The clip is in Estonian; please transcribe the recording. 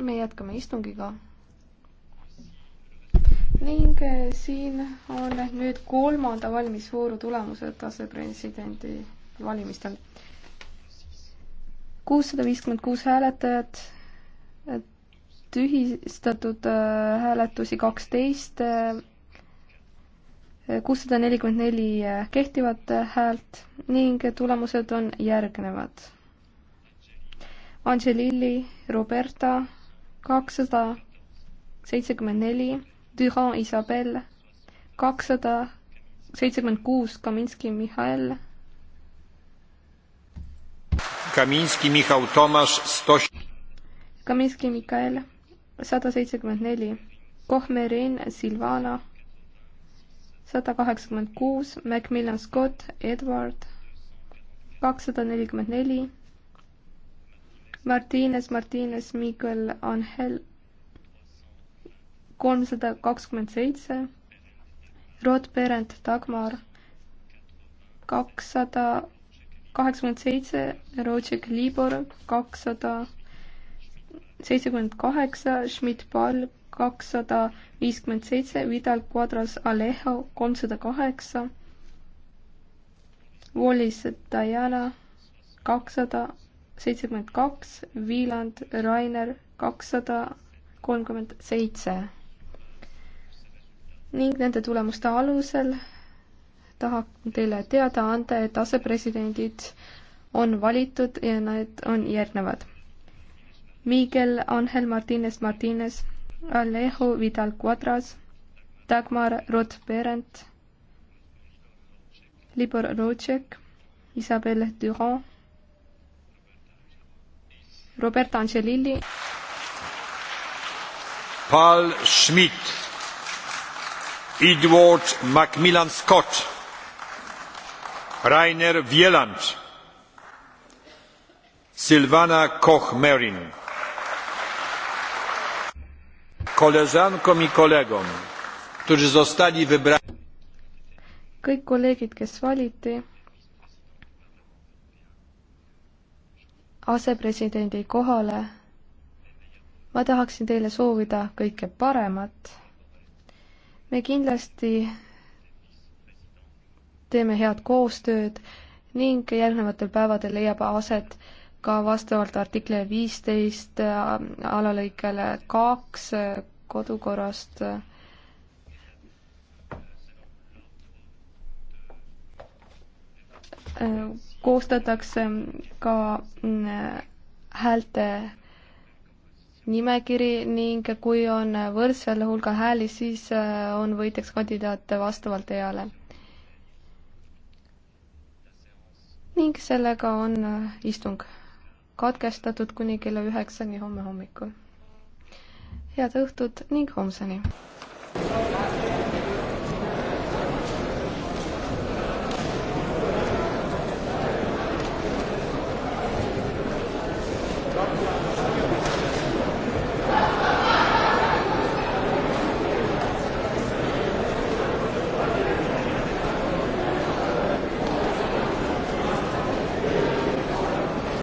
me jätkame istungiga. ning eh, siin on nüüd kolmanda valmisvooru tulemused asepresidendi valimistel. kuussada viiskümmend kuus hääletajat, eh, tühistatud eh, hääletusi kaksteist, kuussada nelikümmend neli kehtivat häält ning tulemused on järgnevad. Angelilli, Roberta, kakssada seitsekümmend neli, Düran Isabel, kakssada seitsekümmend kuus, Kaminski Mihhail. Kaminski Mihhail Tomas Stos-. Kaminski Mihhail, sada seitsekümmend neli, Kohmerin Silvana, sada kaheksakümmend kuus, Macmillan Scott, Edward, kakssada nelikümmend neli, Martines, Martines, Miguel Angel kolmsada kakskümmend seitse, Rotperent Dagmar kakssada kaheksakümmend seitse, Rootšek Libor kakssada seitsekümmend kaheksa, Schmidt-Pall kakssada viiskümmend seitse, Vidal Quadras Alejo kolmsada kaheksa, Wallis Diana kakssada seitsekümmend kaks, Wieland, Rainer kakssada kolmkümmend seitse. ning nende tulemuste alusel tahan teile teada anda, et asepresidendid on valitud ja need on järgnevad. Miguel Angel Martinez Martinez, Alejo Vidal Cuadras, Dagmar Roth-Berend, Libor Rutšek, Isabel Durand, Roberta Angelilli. Paul Schmidt. Edward Macmillan Scott. Rainer Wieland. Sylwana Koch-Merin. Koleżankom i kolegom, którzy zostali wybrani. Kõik kolleegid, kes valiti, asepresidendi kohale. ma tahaksin teile soovida kõike paremat. me kindlasti teeme head koostööd ning järgnevatel päevadel leiab aset ka vastavalt artikli viisteist äh, alalõikele kaks äh, kodukorrast äh, koostatakse ka mm, häälte nimekiri ning kui on võrdsel hulgal hääli, siis äh, on võitjaks kandidaat vastavalt eale. ning sellega on äh, istung katkestatud kuni kella üheksani homme hommikul. head õhtut ning homseni!